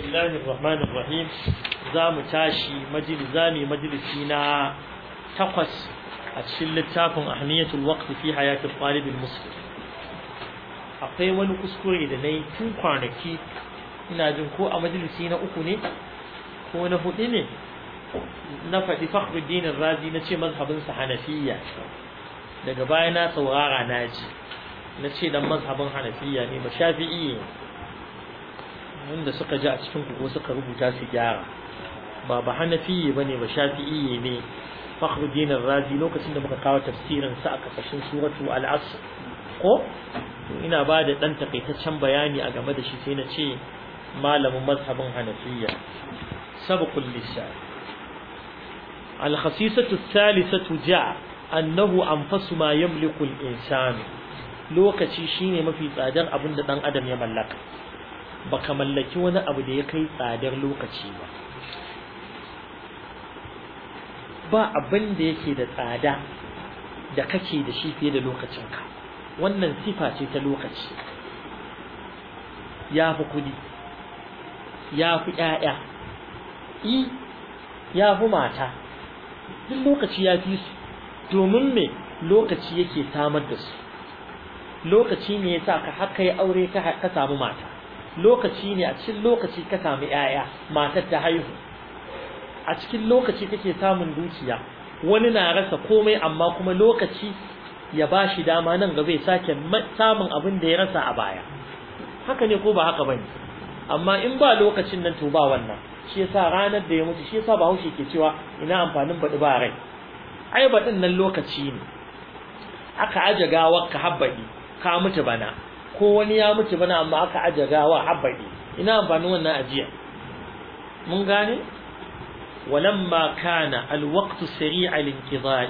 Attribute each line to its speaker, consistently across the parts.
Speaker 1: بسم الله الرحمن الرحيم زام تاشي مجلس زامي مجلسنا تقص أتشل التافن أهمية الوقت في حياة الطالب المسلم akwai wani kuskure da na yi tun kwanaki ina jin ko a majalisi na uku ne ko na hudu ne na faɗi fakhruddin razi na ce mazhabinsa hanafiya daga baya na saurara na ji na ce dan mazhabin hanafiya ne ba wanda suka ji a cikin ko suka rubuta su gyara ba ba hanafiye bane ba shafi'iye ne dinar razi lokacin da muka kawo tafsirin sa a kasashen suratu al-asr ko ina ba da dan takaitaccen bayani a game da shi sai na ce malamin mazhabin hanafiya sabqul lisan al-khasisatu thalithatu ja annahu anfasu ma yamliku al-insan lokaci shine mafi tsadar abin da dan adam ya mallaka baka mallaki wani abu da ya kai tsadar lokaci ba ba abin da yake da tsada da kake da shi fiye da lokacinka wannan sifa ce ta lokaci ya fi kudi ya fi ƴaƴa i ya fi mata duk lokaci ya fi su domin me lokaci yake samar da su lokaci ne ya sa ka haka ya aure ka samu mata lokaci ne a cikin lokaci ka samu ‘ya'ya matar ta haihu a cikin lokaci kake samun dukiya wani na rasa komai amma kuma lokaci ya ba shi dama nan gaba ya sake samun abin da ya rasa a baya haka ne ko ba haka bane amma in ba lokacin nan to ba wannan shi yasa ranar da ya mutu shi yasa haushe ke cewa ina amfanin baɗi ba rai ai baɗin nan lokaci ne aka aje gawar ka habbaɗi ka mutu bana ko wani ya mutu bana amma aka aje gawa habbadi ina amfani wannan ajiya mun gane walamma kana alwaqtu sari'a linqidai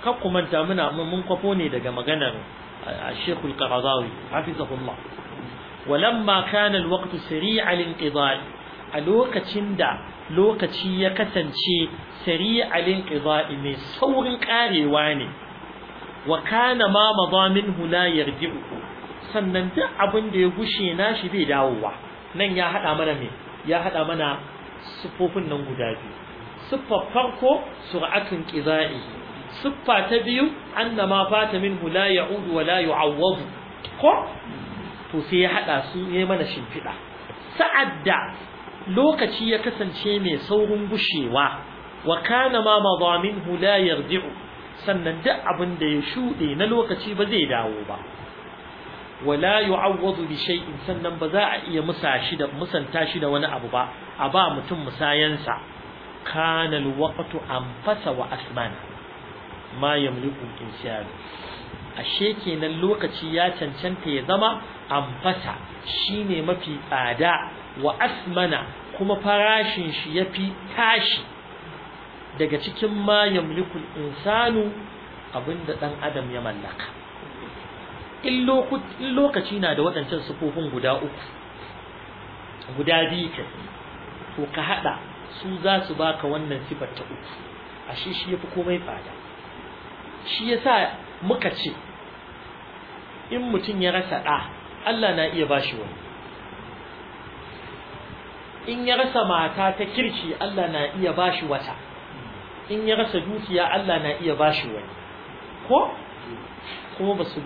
Speaker 1: ka kuma ta muna mun kwafo ne daga maganar الشيخ القرضاوي حفظه الله ولما كان الوقت سريع الانقضاء لوكتين دا ya يكتنشي سريع الانقضاء mai سور قاري ne. wa kana ma madha minhu la yarji'u sannan duk abin da ya gushe nashi bai dawowa nan ya hada mana me ya hada mana nan guda biyu siffar farko sur'atun qiza'i siffa ta biyu annama fata minhu la ya'udu wa la yu'awwadu ko to sai ya hada su ya mana shimfida sa'ad da lokaci ya kasance mai saurin gushewa wa kana ma madha minhu la yarji'u sannan duk abin da ya shuɗe na lokaci ba zai dawo ba wala yu'awwadu bi shay'in sannan ba za a iya musashi da musanta shi da wani abu ba a ba mutum musayansa kana alwaqtu anfasa wa Asmana. ma yamliku insan ashe kenan lokaci ya cancanta ya zama anfasa shine mafi tsada wa asmana kuma farashin shi yafi tashi daga cikin ma yamlikul insanu abinda dan adam ya mallaka in lokaci na da waɗancan sufofin guda uku guda biyu ke to ka haɗa su za su baka wannan sifar ta uku ashe shi yafi komai fada shi yasa muka ce in mutum ya rasa ɗa Allah na iya bashi wani in ya rasa mata ta kirki Allah na iya bashi wata in ya rasa dukiya Allah na iya bashi wani ko kuma ba su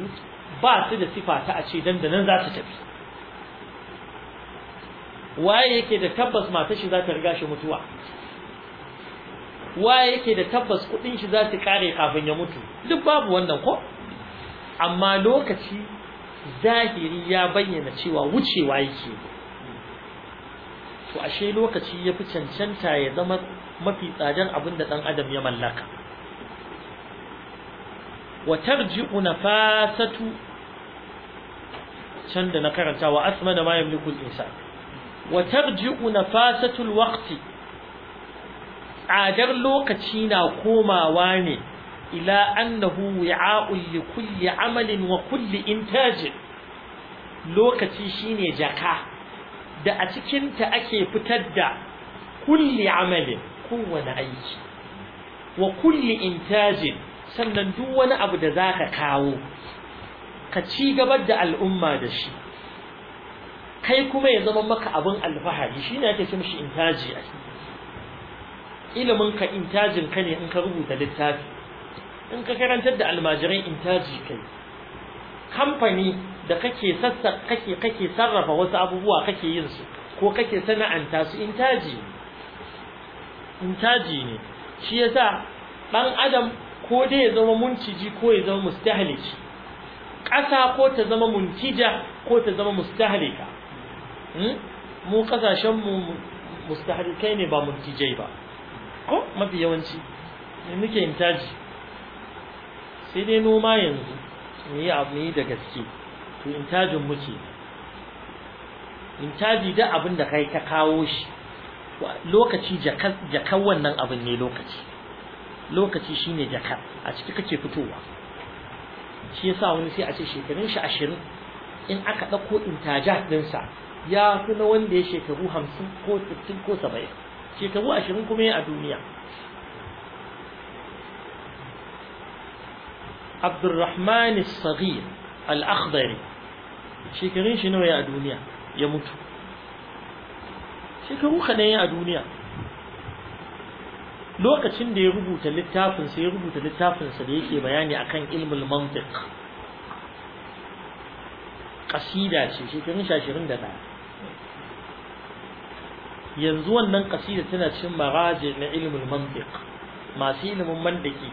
Speaker 1: ba su da sifa ta a ce dan da nan za su tafi waye yake da tabbas matar shi za ta riga shi mutuwa waye yake da tabbas kudin shi za ta kare kafin ya mutu duk babu wannan ko amma lokaci zahiri ya bayyana cewa wucewa yake to ashe lokaci ya fi cancanta ya zama mafi tsadar abin da ɗan adam ya mallaka wa tarji'u fasatu can da na karanta wa asma da yamliku al-insan Watar tarji'u nafasatu waqti tsadar lokaci na komawa ne ila annahu wi'a'un li kulli amalin wa kulli intajin lokaci shine jaka da a cikinta ake fitar da kulli amalin kowane aiki wa kulli intajin sannan duk wani abu da zaka kawo ka ci gabar da al'umma da shi kai kuma ya zama maka abin alfahari shine ake ce mishi intaji a ilimin ka intajin ka ne in ka rubuta littafi in ka karantar da almajirai intaji kai kamfani da kake sassa kake kake sarrafa wasu abubuwa kake yin su ko kake sana'anta su intaji ne In caji ne shi yasa dan adam ko dai ya zama muntiji ko ya zama mustahliki ƙasa ko ta zama muntija ko ta zama mustahlika hmm? mu kasashen mu mustahlikai ne ba muntijai ba ko mafi yawanci ne muke caji sai dai noma yanzu mu yi abu da gaske to in cajin muke In caji da abin da kai ta kawo shi lokaci jakar wannan abin ne lokaci lokaci shine jakar a ciki kake fitowa shi ya sa wani sai a ce shekarun shi ashirin in aka ɗauko intajat ɗinsa ya fi na wanda ya shekaru hamsin ko sittin ko saba'in shekaru ashirin kuma ya a duniya abdurrahman al-saghir shekarun shi nawa ya a duniya ya mutu shekaru kane a duniya lokacin da ya rubuta littafinsa ya rubuta littafinsa da yake bayani akan ilmul mantiq kasida ce shekarun 21 yanzu wannan kasida tana cikin maraje na ilmul mantiq masu ilimin mandaki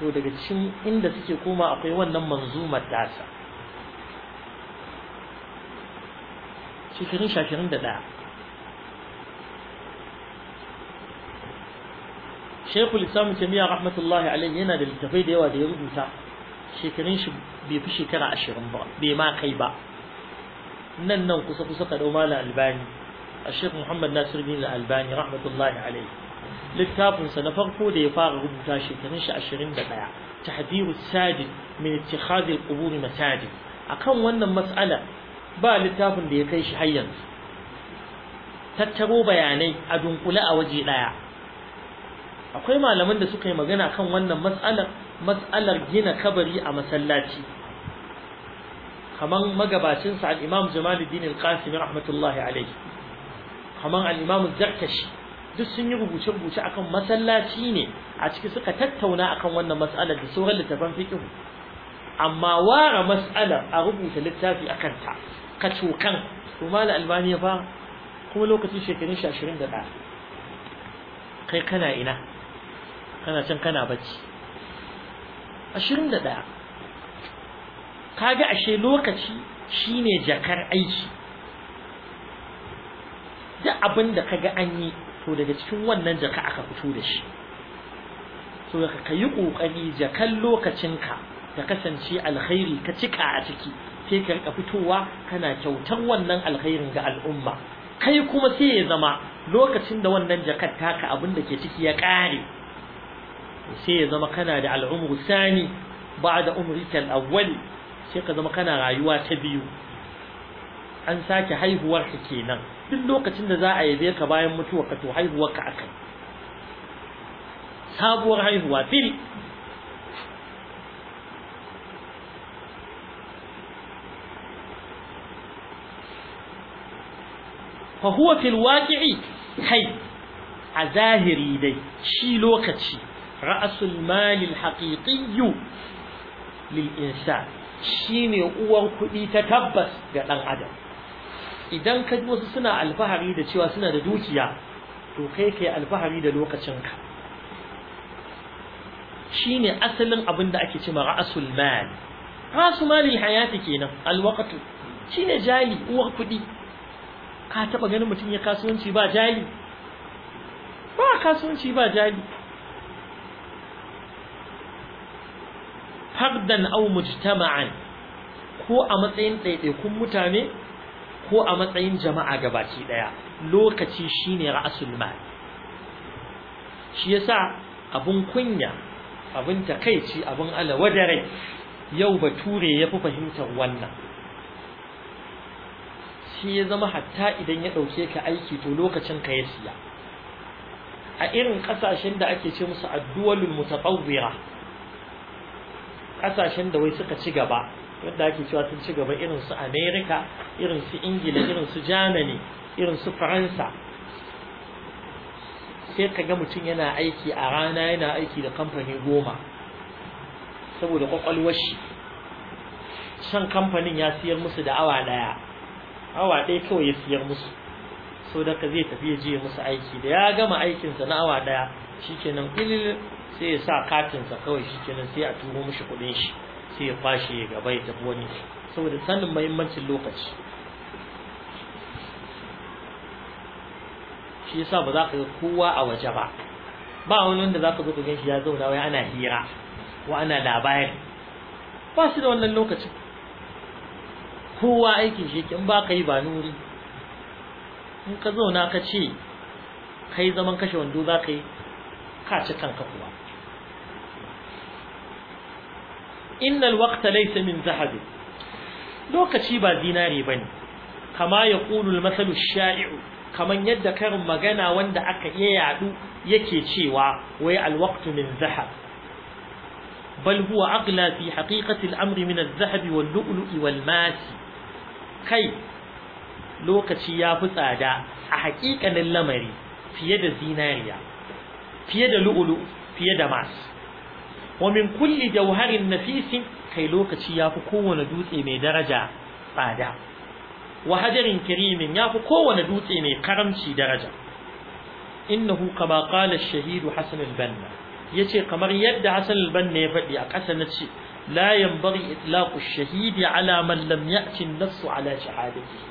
Speaker 1: to daga cikin inda suke koma akwai wannan manzumar tasa shekarun ɗaya. شيخ الإسلام تيمية رحمة الله عليه هنا للتفيد يوا دي يرد مسا شيكرين شب بيفشي كرا عشر مبار بيما خيبا نن نو قصة قصة الأمال الألباني الشيخ محمد ناصر الدين الألباني رحمة الله عليه للتاب سنفر فود يفاق رد مسا شيكرين شا عشرين دقايا تحذير الساجد من اتخاذ القبور مساجد أكم وانا مسألة با للتاب دي كيش حيان تتبو بياني أدنقل أوجي لا يعني akwai malaman da suka yi magana kan wannan matsalar gina kabari a masallaci kaman magabacin sa al-Imam Jamaluddin al-Qasimi rahmatullahi alayhi kaman al-Imam Zarkashi duk sun yi rubuce-rubuce akan masallaci ne a ciki suka tattauna akan wannan mas'alar da sauran littafan fiqh amma wara mas'alar a rubuta littafi a kanta kacokan kuma al-Albani ya fara kuma lokacin shekarun shi 21 kai kana ina kana can kana bacci ashirin da ɗaya ka ga ashe lokaci shine jakar aiki duk abin da kaga an yi to daga cikin wannan jaka aka fito da shi so ka yi ƙoƙari jakan lokacinka ta kasance alkhairi ka cika a ciki sai ka rika fitowa kana kyautar wannan alkhairin ga al'umma kai kuma sai ya zama lokacin da wannan jakar taka abin da ke ciki ya ƙare sai ya zama kana da al'umru sani ba da umrika al'awwal sai ka zama kana rayuwa ta biyu an sake haihuwarka kenan duk lokacin da za a yabe ka bayan mutuwa ka to haihuwar sabuwar haihuwa fil fa huwa kai a zahiri dai shi lokaci ra'asul malil haqiqiyyu lil insan shine uwar kuɗi ta tabbas ga ɗan adam idan ka wasu suna alfahari da cewa suna da dukiya to kai kai alfahari da lokacinka shine asalin abin ake cewa ra'asul mal ra'asul kenan alwaqtu shine jali uwar kuɗi ka taɓa ganin mutum ya kasuwanci ba jali ba kasuwanci ba jali fardan aw mujtama'an ko a matsayin ɗaiɗaikun mutane ko a matsayin jama'a gabaci ɗaya lokaci shine ra'asul mal shi yasa abun kunya abun takaici abun alawadare yau bature ya fi fahimtar wannan shi ya zama hatta idan ya ɗauke ka aiki to lokacin ka ya siya a irin ƙasashen da ake ce musu addu'alul mutaqawwira kasashen da wai suka ci gaba wanda ake cewa sun ci gaba irin su America irin su Ingila irin su Germany irin su Faransa sai ka ga mutum yana aiki a rana yana aiki da kamfani goma saboda kwakwalwar shi Shan kamfanin ya siyar musu da awa daya awa ɗaya kawai ya siyar musu so da ka zai tafi ya je musu aiki da ya gama aikinsa na awa daya shikenan ilil sai ya sa katinsa kawai shikenan sai a turo mishi kuɗin shi sai ya kwashe ya gaba ya tafi wani saboda sanin mahimmancin lokaci shi yasa ba za ka ga kowa a waje ba ba wani wanda za ka zo ka ganshi ya zauna wai ana hira ko ana labari ba shi da wannan lokacin kowa aikin shi in ba ka yi ba nuri in ka zauna ka ce kai zaman kashe wando za ka yi ka ci kanka kuwa innal waqta laysa min zahabi lokaci ba ba bane kama ya al-mathalu shaiu kaman yadda karin magana wanda aka iya yadu yake cewa wai al-waqtu min zahab bal huwa aghla fi haqiqati al-amri min az-zahabi wal-lu'lu'i wal-masi kai lokaci ya fi tsada a haƙiƙanin lamari fiye da zinariya fiye da lu'ulu fiye da mas wa min kulli jawharin nafisin kai lokaci ya fi kowane dutse mai daraja tsada wa hajarin kirimin ya fi kowane dutse mai karamci daraja innahu kama qala ash-shahid al-Banna yace kamar yadda Hassan al-Banna ya faɗi a ƙasa na ce la yanbaghi itlaqu ash-shahid ala man lam ya'ti an-nass ala shahadatihi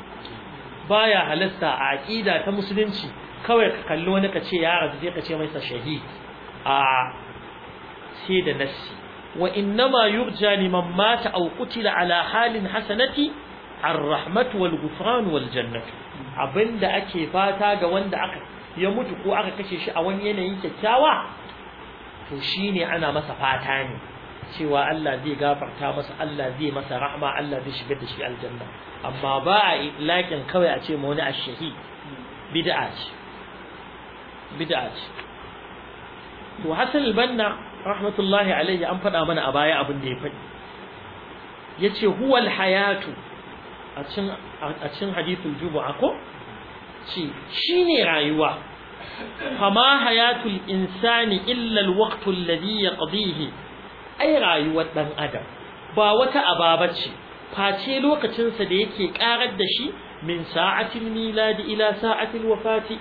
Speaker 1: baya halasta a aqida ta musulunci kawai ka kalli wani ka ce ya rabu ka ce masa shahid a sai da nassi wa innama yurja liman mata aw qutila ala halin hasanati ar-rahmatu wal ghufran wal jannatu abinda ake fata ga wanda aka ya mutu ko aka kashe shi a wani yanayin kyakkyawa to shine ana masa fata ne cewa Allah zai gafarta masa Allah zai masa rahma Allah zai shigar da shi aljanna amma ba a laƙin kawai a ce ma wani ashahi bid'a ce bid'a ce to Hassan al-Banna rahmatullahi alayhi an faɗa mana a baya abin da ya faɗi yace huwal hayatu a cin a cikin hadithul juma'a ko ce shine rayuwa fama hayatul insani illa al-waqtu alladhi yaqdihi ai rayuwar dan adam ba wata ababa ce face lokacinsa da yake karar da shi min sa'atin miladi ila sa'atil wafati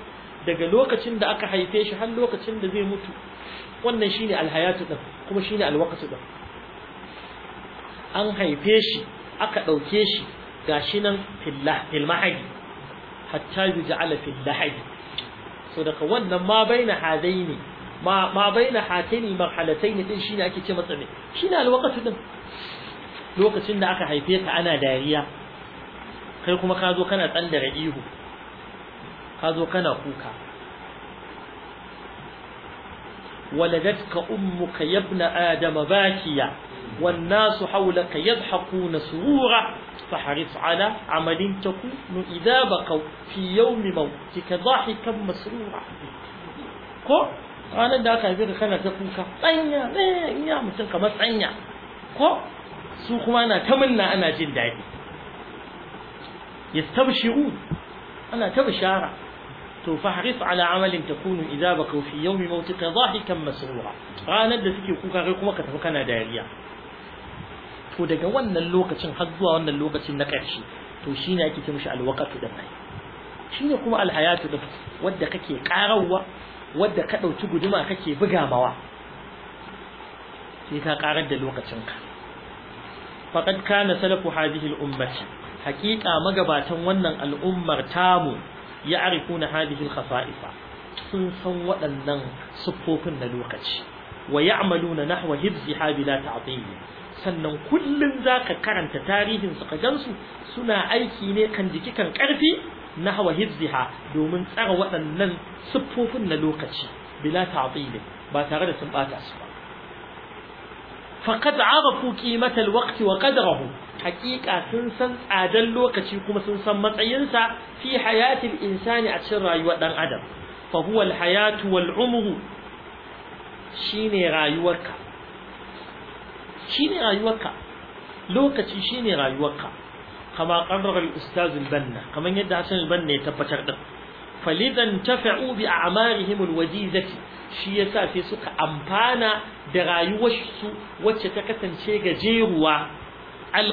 Speaker 1: daga lokacin da aka haife shi har lokacin da zai mutu wannan shine alhayatu din kuma shine alwaqtu din an haife shi aka dauke shi gashi nan fillah fil mahadi hatta yuj'ala fil lahadi so daga wannan ma baina hadaini ma ma baina hatani marhalatayn din shine ake ce masa me shine alwaqtu din lokacin da aka haife ka ana dariya kai kuma ka zo kana tsandara ihu ka zo kana kuka waladatka ummuka yabna adama bakiya والناس حولك يضحكون سرورا فحرص على عمل تكون إذا بقوا في يوم موتك ضاحكا مسرورا ranar da aka haife ka kana ta kuka tsanya ina mutum kamar tsanya ko su kuma na ta munna ana jin daɗi yastabshiru ana ta bishara to fa haris ala amalin takunu idza baka fi yawmi mautika dhahikan masrura ranar da suke kuka kai kuma ka tafi kana dariya to daga wannan lokacin har zuwa wannan lokacin na ƙarshe to shine ake ce mishi alwaqatu din shine kuma alhayatu da wadda kake karawa wadda ka ɗauki guduma kake buga mawa sai ka ƙarar da lokacinka faƙad kana salafu hadihil ummati haƙiƙa magabatan wannan al'ummar tamu ya na hadihil khasa'isa sun san waɗannan siffofin na lokaci wa ya'maluna nahwa hibzi habila ta'tili sannan kullum za ka karanta tarihinsu ka gansu suna aiki ne kan jiki kan ƙarfi na hawa hizziha domin tsara waɗannan siffofin na lokaci bila ta'dili ba tare da sun ɓata su ba faqad arafu qimata alwaqt wa qadrahu haqiqa sun san tsadan lokaci kuma sun san matsayinsa fi hayatil insani a cikin rayuwar dan adam fa huwa alhayatu wal umru shine rayuwarka shine rayuwarka lokaci shine rayuwarka kama qarrar al-ustaz banna kamar yadda Hassan al-banna ya tabbatar din falidan tafa'u bi a'marihim al-wajizati shi yasa sai suka amfana da rayuwarsu wacce ta kasance gajeruwa al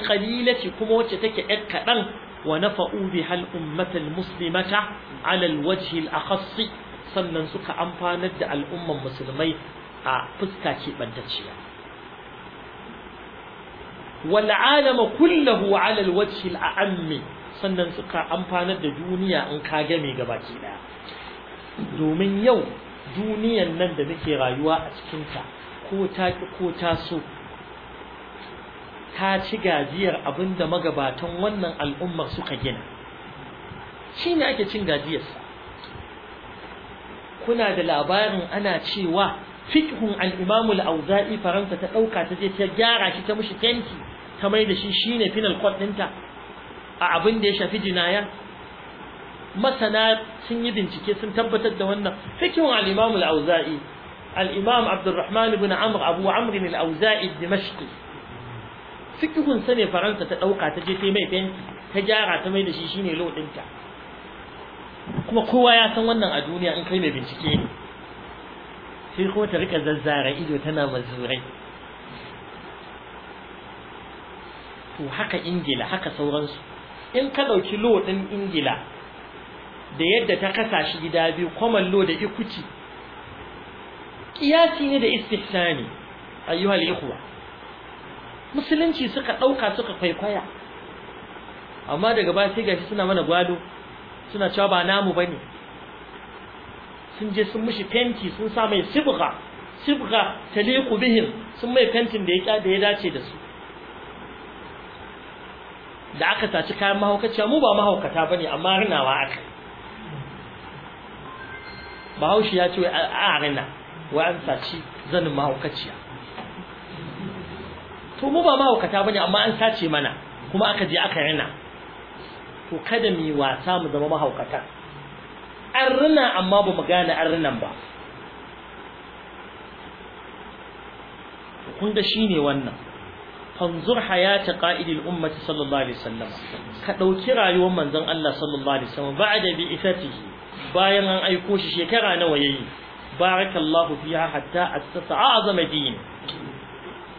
Speaker 1: kuma wacce take yar kaɗan. wa nafa'u biha hal ummata muslimata 'ala al al-akhassi sannan suka amfanar da al'umman musulmai a fuska ke bantaciya wal alama kullahu ala al wajhi al sannan suka amfanar da duniya in ka game gabaki daya domin yau duniyan nan da muke rayuwa a cikin ta ko ta ko ta so ta ci gajiyar abinda magabatan wannan al'ummar suka gina shi ne ake cin gajiyarsa kuna da labarin ana cewa fikhun al-imam al-auza'i faransa ta dauka ta je ta gyara shi ta mushi tanki ta mai da shi shine final court dinta a abin da ya shafi jinaya masana sun yi bincike sun tabbatar da wannan fikhun al-imam al-auza'i al-imam abdurrahman ibn amr abu amr al-auza'i dimashqi fikhun ne faransa ta dauka ta je ta mai tanki ta gyara ta mai da shi shine law dinta kuma kowa ya san wannan a duniya in kai mai bincike ne sai kuma ta rika zazzara ido tana mazurai to haka ingila haka sauransu in ka ɗauki lo ɗin ingila da yadda ta kasa shi gida biyu common lo da ikuci kiyasi ne da istihsani ayyuhal ikhwa musulunci suka ɗauka suka kwaikwaya amma daga baya sai gashi suna mana gwado suna cewa ba namu bane sun je sun mishi fenti sun sa mai sibga sibgha taliqu bihim sun mai fentin da ya da ya dace da su da aka taci kayan mahaukaciya mu ba mahaukata bane amma rinawa aka bahaushe ya ce a rina wa an taci zanin mahaukaciya to mu ba mahaukata bane amma an sace mana kuma aka je aka rina to kada mu yi wasa mu zama mahaukata an rina amma ba mu gane an rinan ba kun shi ne wannan fanzur hayata qa'idil ummati sallallahu alaihi wasallam ka ɗauki rayuwar manzon Allah sallallahu alaihi wasallam ba'da bi ifatihi bayan an aiko shi shekara nawa yayi barakallahu fiha hatta assasa azama din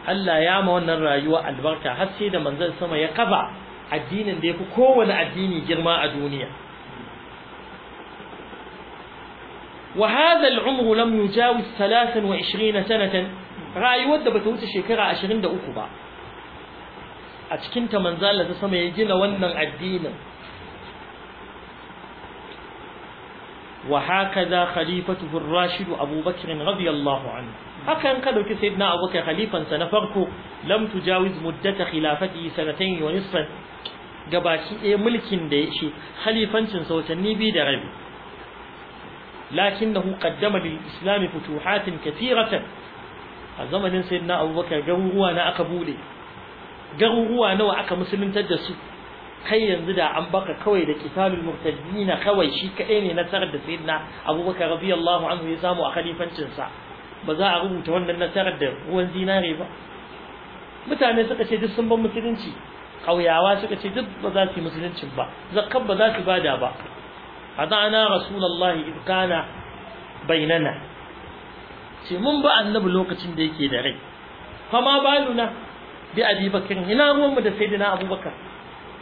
Speaker 1: Allah ya ma wannan rayuwa albarka har sai da manzon sama ya kafa addinin da yafi kowane addini girma a duniya وهذا العمر لم يجاوز 23 سنة rayuwar da bata wuce shekara 23 ba a cikin ta manzala ta sama ya gina wannan addinin wa hakaza khalifatuhu ar-rashid Abu Bakr radiyallahu anhu hakan ka dauki sayyidina Abu Bakr na farko lam tujawiz muddata khilafati sanatayn wa nisfan gabaki ɗaya mulkin da yake khalifancin sa watanni biyu da rabi لكنه قدم للإسلام فتوحات كثيرة الزمن سيدنا أبو بكر جوهوا أنا أقبولي جوهوا أنا وأك مسلم تدسو kai yanzu da an baka kawai da kitabul murtadina kawai shi kaɗai ne nasarar da sayyidina abubakar radiyallahu ya samu a khalifancin sa ba za a rubuta wannan nasarar da ruwan zinare ba mutane suka ce duk sun ban musulunci kauyawa suka ce duk ba za su yi musuluncin ba zakkar ba za su bada ba A رسول الله إذ كان بيننا ce mun ba annabu lokacin da yake da rai fama baluna bi abi bakar ina ruwan da saidina abubakar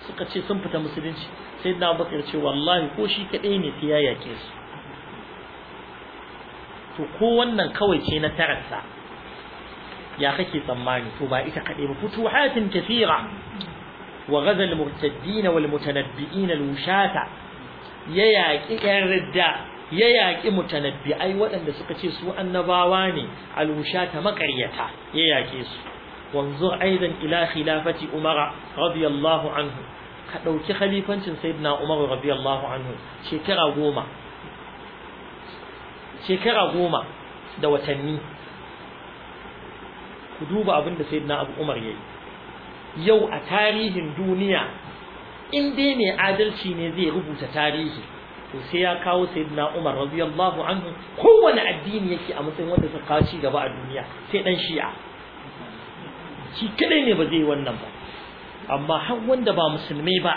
Speaker 1: suka ce sun fita musulunci sayyidina abubakar ce wallahi ko shi kaɗai ne sai ya yake su to ko wannan kawai ce na tararsa ya kake tsammani to ba ita kadai ba futuhatin kathira wa ghazal murtaddin wal mutanabbi'in al wushata ya yaƙi ƴan ridda ya yaƙi ai waɗanda suka ce su annabawa ne alwushata maƙaryata ya yaƙe su wanzur aidan ila khilafati umara radiyallahu anhu ka ɗauki khalifancin sayyidina umar radiyallahu anhu shekara goma shekara goma da watanni ku duba abin da sayyidina abu umar yayi yau a tarihin duniya in dai mai adalci ne zai rubuta tarihi to sai ya kawo sayyidina Umar radiyallahu anhu Kowanne addini yake a matsayin wanda suka kawo ci gaba a duniya sai dan Shi'a shi kadai ne ba zai wannan ba amma har wanda ba musulmi ba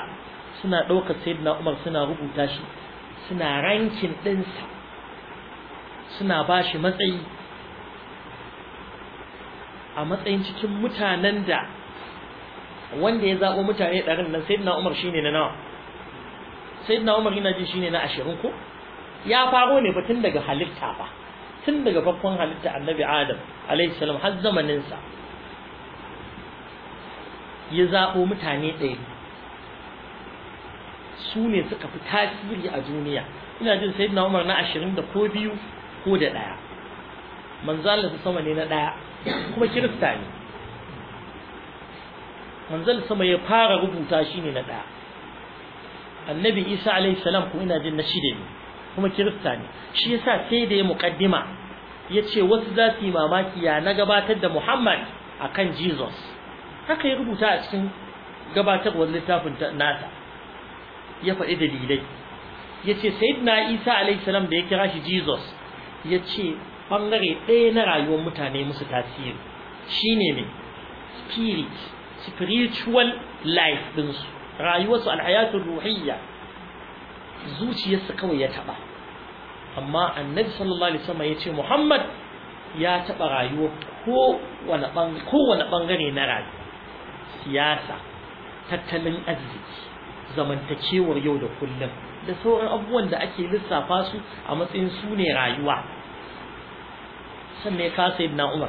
Speaker 1: suna ɗaukar sayyidina Umar suna rubuta shi suna rankin sa suna ba shi matsayi a matsayin cikin mutanen da wanda ya zaɓo mutane ɗarin nan na Umar shine na nawa sai na Umar ina ji shine na ashirin ko ya faro ne ba tun daga halitta ba tun daga farkon halitta annabi Adam alaihi salam har zamanin sa ya zaɓo mutane ɗaya su ne suka fi tasiri a duniya ina jin sai na Umar na ashirin da ko biyu ko da ɗaya manzo Allah sama ne na ɗaya kuma kirista ne manzal sama ya fara rubuta shi ne na ɗaya annabi isa alaihi salam kuma ina jin na shida ne kuma kirista ne shi yasa sai da ya muqaddima ya ce wasu za su yi mamaki ya na gabatar da muhammad akan jesus haka ya rubuta a cikin gabatarwar littafin nata. ya faɗi dalilai ya ce sayidina isa alaihi salam da ya kira shi jesus ya ce ɓangare ɗaya na rayuwar mutane musu tasiri shine ne spirit spiritual life dinsu rayuwarsu alhayatul ruhiyya zuciyarsu kawai ya taba amma annabi sallallahu alaihi wasallam ya ce muhammad ya taba rayuwa kowane kowane bangare na rayuwa siyasa tattalin arziki zamantakewar yau da kullum da sauran abubuwan da ake lissafa su a matsayin su ne rayuwa sannan ya ka sayyidina umar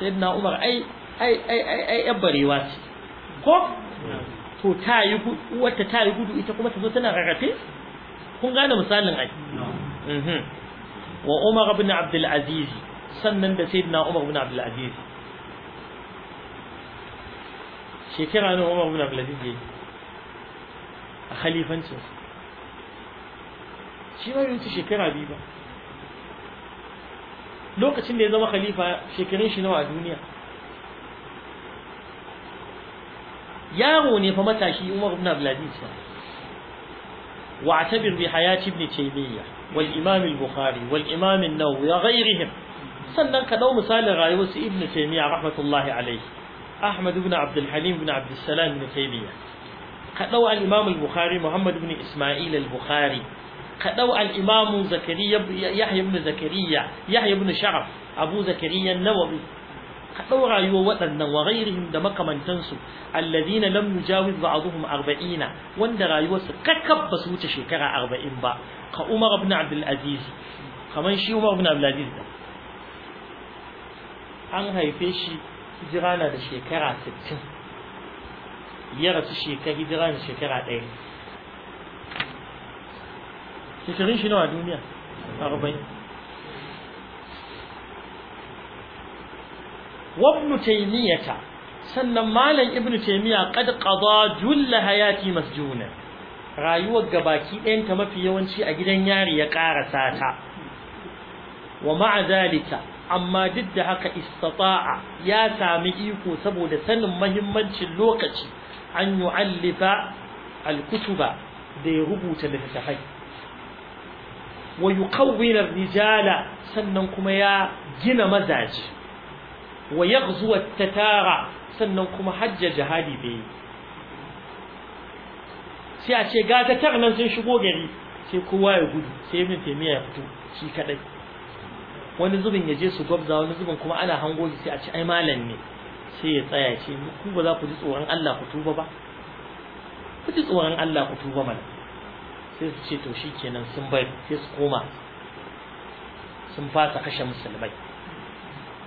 Speaker 1: sayyidina umar ai ai ai ai ai yan barewa ce ko to ta yi wata ta yi gudu ita kuma ta zo tana rarrafe kun gane misalin ai mhm. wa Umar ibn Abdul Aziz sannan da Sayyidina Umar ibn Abdul Aziz shekara ne Umar ibn Abdul Aziz yayi a khalifancin shi ba wuce shekara biyu ba lokacin da ya zama khalifa shekarun shi nawa a duniya yaro ne fa matashi Umar ibn Abdul Aziz Imam al-Bukhari wal Imam an-Nawawi wa ghayrihim sannan ka dau misalin rayuwar su ibn Taymiyyah rahmatullahi alayhi ahmad ibn abd al-Halim ibn abd salam ibn Taymiyyah ka dau al imam al bukhari muhammad ibn isma'il al bukhari ka dau al imam zakariya yahya ibn zakariya yahya ibn sharaf abu zakariya an-nawawi ka ɗau rayuwar waɗannan wa ghairihim da makamantansu alladhina lam yujawiz ba'dhum 40 wanda rayuwarsu kakkab ba su wuce shekara 40 ba ka Umar ibn Abdul Aziz kaman shi Umar ibn Abdul Aziz da an haife shi hijira na da shekara 60 ya rasu shekara hijira na shekara 1 shekarun shi nawa duniya 40 وابن تيمية سنن مالن ابن تيمية قد قضى جل حياتي مسجونا rayuwar gabaki ɗayanta mafi yawanci a gidan yari ya ƙara sata. wa ma'a amma duk da haka istata'a ya sami iko saboda sanin mahimmancin lokaci an yu'allifa al da ya rubuta littattafai wa yuqawwina rijala sannan kuma ya gina mazaji wa yaghzu at-tatara sannan kuma hajja jihadi bai sai a ce ga nan sun shigo gari sai kowa ya gudu sai mun taymiya ya fito shi kadai wani zubin ya je su gwabza wani zubin kuma ana hango sai a ci ai malam ne sai ya tsaya ce ku ba za ku ji tsoron Allah ku tuba ba ku ji tsoron Allah ku tuba mana sai su ce to shi kenan sun bai sai su koma sun fasa kashe musulmai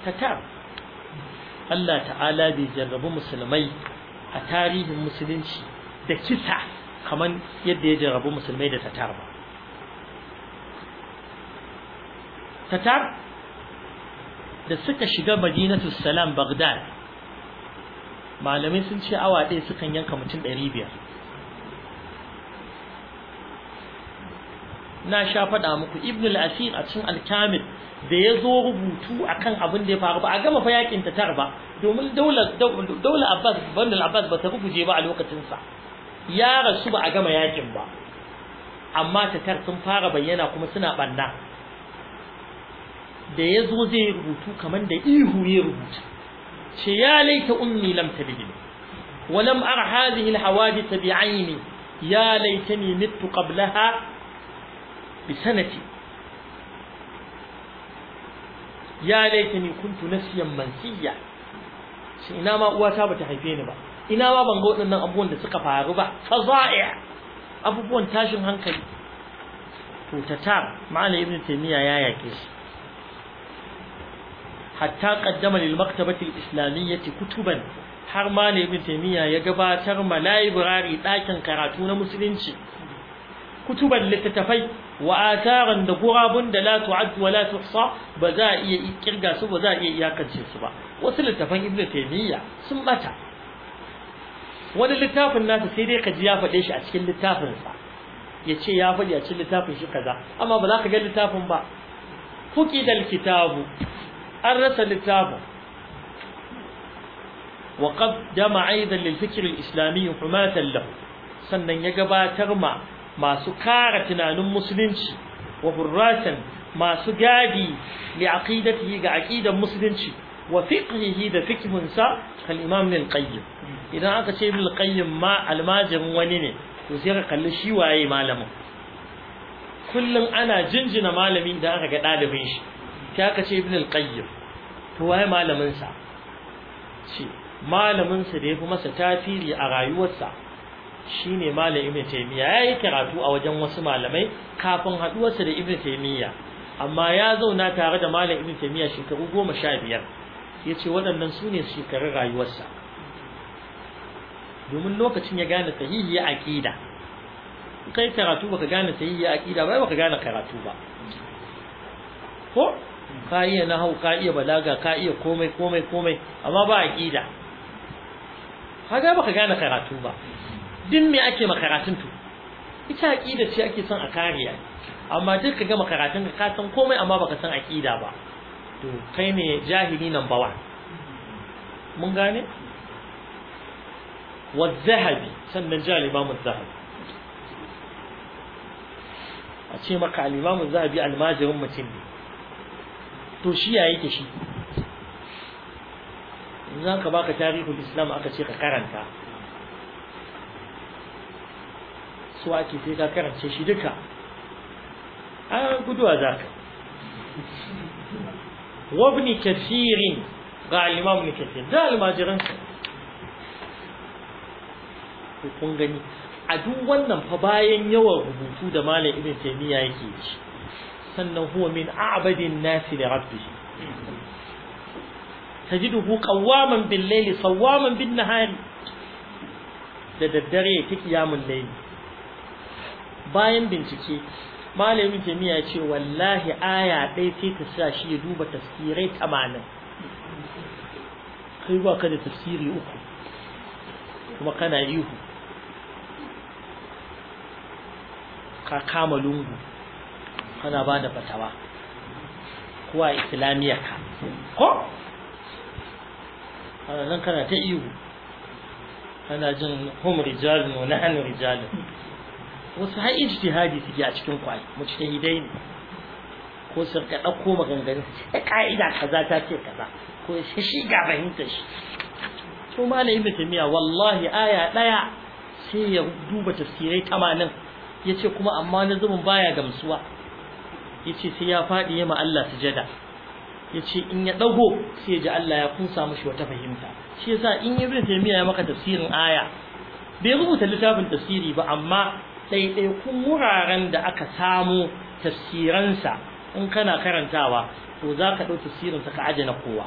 Speaker 1: tatar Allah ta'ala bai jarrabu musulmai a tarihin musulunci da kisa kamar yadda ya jarrabu musulmai da tatar ba tatar da suka shiga madinatu salam bagdad malamai sun ce awa ɗaya sukan yanka mutum ɗari biyar na sha faɗa muku ibn al-asir a cikin al-kamil da ya zo rubutu akan abin da ya faru ba a gama fa yakin ta tarba domin daular daular Abbas banda Abbas ba ta rubuje ba a lokacin sa ya rasu ba a gama yakin ba amma ta tar sun fara bayyana kuma suna banna da ya zo zai rubutu kamar da ihu ya rubuta ce ya laita ummi lam tabidi ولم أر هذه الحوادث بعيني يا ليتني qablaha bi sanati ya laitani kuntu nasiyan mansiya shi ina ma uwata bata haife ni ba ina ma ban ga waɗannan abubuwan da suka faru ba faza'i abubuwan tashin hankali to tatar ma'ana ibn taymiya ya yake shi hatta qaddama lil maktabati al islamiyyati kutuban har ma ne ibn taymiya ya gabatar ma library ɗakin karatu na musulunci kutuban littattafai wa da gurabun da la tu'ad wa la tuhsa ba za a iya kirga su ba za a iya iyakance su ba wasu littafan ibnu taymiya sun bata wani littafin nasa sai dai kaji ya faɗe shi a cikin littafin sa ce ya faɗi a cikin littafin shi kaza amma ba za ka ga littafin ba fuqidal kitabu an rasa littafin Jama'a وقدم أيضا للفكر الإسلامي حماة له sannan ya gabatar ma masu kara tunanin musulunci wa hurratan masu gadi li aqidatihi ga aqidan musulunci wa fiqhihi da fikihunsa kal imam ibn qayyim idan aka ce ibn qayyim ma almajirin wani ne to sai ka kalli shi waye malamin kullum ana jinjina malamin da aka ga dalibin shi sai aka ce ibn qayyim to waye malamin sa ce malamin sa da yafi masa tasiri a rayuwarsa shine malam ibnu taymiya yayi karatu a wajen wasu malamai kafin haɗuwarsa da ibnu taymiya amma ya zauna tare da malam ibnu taymiya shekaru 15 yace waɗannan sune shekarun rayuwarsa domin lokacin ya gane sahihi ya aqida kai karatu baka gane sahihi ya aqida ba baka gane karatu ba ko ka iya nahau ka iya balaga ka iya komai komai komai amma ba aqida kaga baka gane karatu ba duk me ake makaratun to ita aqida ce ake son a kariya amma duk ka ga makaratun ka san komai amma baka san aqida ba to kai ne jahili number 1 mun gane zahabi, ba mu zahabi. A ce maka alimamu zahabi almajirin mutum ne. to shi ya yake shi za ka baka tarihul islam aka ce ka karanta su ake sai ka karance shi duka a guduwa za ka wabni kafirin ga al'imam ne kafirin da almajiransa kun gani a duk wannan fa bayan yawan rubutu da malam ibn taymiya yake ci sannan huwa min a'badin nasi li rabbih tajiduhu qawwaman bil layli sawwaman bin nahari da daddare yake kiyamul layli bayan bincike malamin jami'a ce wallahi aya ɗaya sai ta sa shi ya duba tafsirai tamanin kai ba ka da tafsiri uku kuma kana ihu ka kama lungu kana ba da fatawa kuwa islamiyya ka ko a nan kana ta ihu kana jin hum rijalun wa hannun rijalun wasu har ijtihadi suke a cikin kwai mujtahidai ne ko su ka dauko maganganun ta ka'ida kaza ta ce kaza ko shi ga fahimtar shi to malai ibn tamiya wallahi aya daya sai ya duba tafsirai 80 yace kuma amma na zumun baya gamsuwa yace sai ya fadi ma Allah sujada yace in ya dago sai ji Allah ya kunsa mishi wata fahimta shi yasa in ibn tamiya ya maka tafsirin aya bai rubuta littafin tafsiri ba amma kun wuraren da aka samu tafsiransa in kana karantawa to za ka ɗau tafsirinsa ka aje na kowa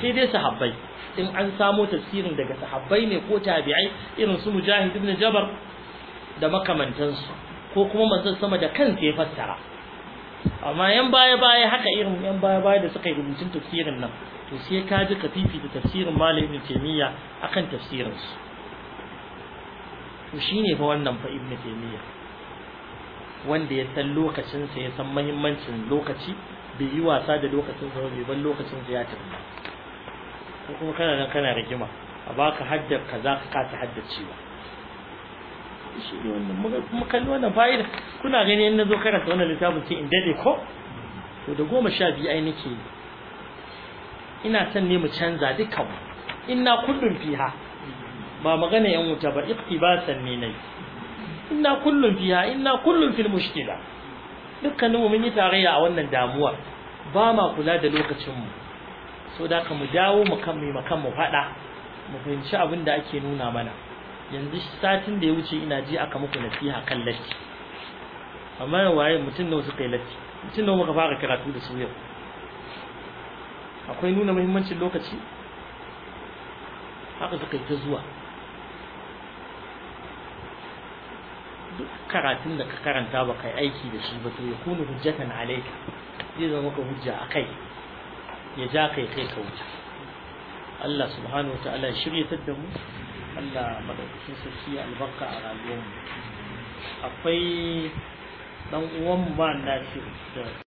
Speaker 1: sai dai sahabbai in an samo tafsirin daga sahabbai ne ko tabi'ai irin su mujahid ibn jabar da makamantansu ko kuma manzon sama da kansa ya fassara amma yan baya baya haka irin yan baya baya da suka yi rubutun tafsirin nan to sai ka ji kafifi fifita tafsirin malam ibn taymiya akan tafsirin su to shine fa wannan fa ibnu taymiya wanda ya san lokacin sa ya san muhimmancin lokaci bai yi wasa da lokacin sa bai ban lokacin sa ya tafi ko kuma kana nan kana rigima a baka haddar za ka kasa haddacewa shi ne wannan mu kalli wannan fa'ida kuna gani in nazo karanta wannan littafin sai in dade ko to da goma sha biyu ai nake ina son ne mu canza dukkan na kullum fiha ba magana yan wuta ba iktibasan ne nai inna kullun fiha inna kullun fil mushkila dukkanin mu mun yi tarayya a wannan damuwar ba ma kula da lokacin mu so da ka mu dawo mu kan mu makan mu fada mu fahimci abin da ake nuna mana yanzu satin da ya wuce ina ji aka muku nasiha kan latti amma waye mutum nawa suka yi latti mutum nawa muka fara karatu da su yau akwai nuna muhimmancin lokaci haka suka yi ta zuwa duk karatun da ka karanta ba kai aiki da shi ba to ya kunu hujjatan alaika zai zama maka hujja a kai ya ja kai kai ka wuce Allah subhanahu wa ta'ala shirya ta da mu Allah madaukakin sarki albarka a rayuwar mu akwai dan uwan ba na shi